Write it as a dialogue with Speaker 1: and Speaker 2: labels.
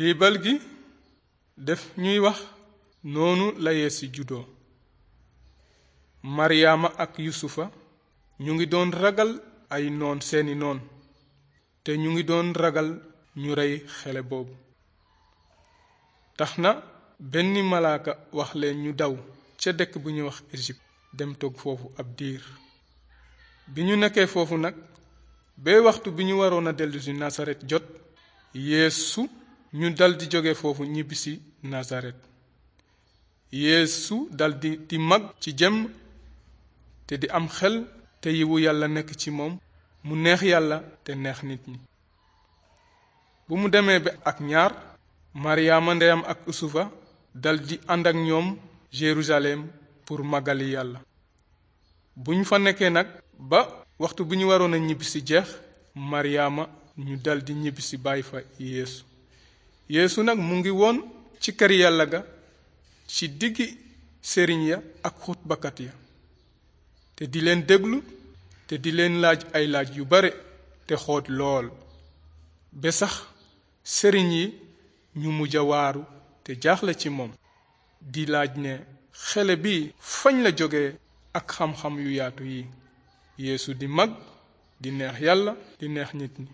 Speaker 1: lii gi def ñuy wax noonu la Yeesu juddoo maryaama ak yusufa ñu ngi doon ragal ay noon seeni noon te ñu ngi doon ragal ñu rey xale boobu tax na benn malaaka wax leen ñu daw ca dëkk bu ñuy wax Égypte dem toog foofu ab diir bi ñu nekkee foofu nag bee waxtu bi ñu waroon a dellusi si Nasaret jot Yeesu ñu daldi jóge foofu ñibbisi nasaret yeesu daldi di mag ci jëm te di am xel te yiwu yàlla nekk ci moom mu neex yàlla te neex nit ñi bu mu demee ba ak ñaar maryaama ndeyam ak usufa daldi ànd ak ñoom jérusalem pour màggali yàlla bu ñu fa nekkee nag ba waxtu bu ñu waroon a ñibbisi jeex maryaama ñu daldi ñibbisi bàyyi fa yéesu yéesu nag mu ngi woon ci kër yàlla ga ci digg sëriñ ya ak xutbakat ya te di leen déglu te di leen laaj ay laaj yu bare te xóot lool ba sax sëriñ yi ñu mujj a waaru te jaaxle ci moom di laaj ne xele bi fañ la jóge ak xam-xam yu yaatu yi yéesu di mag di neex yàlla di neex nit ñi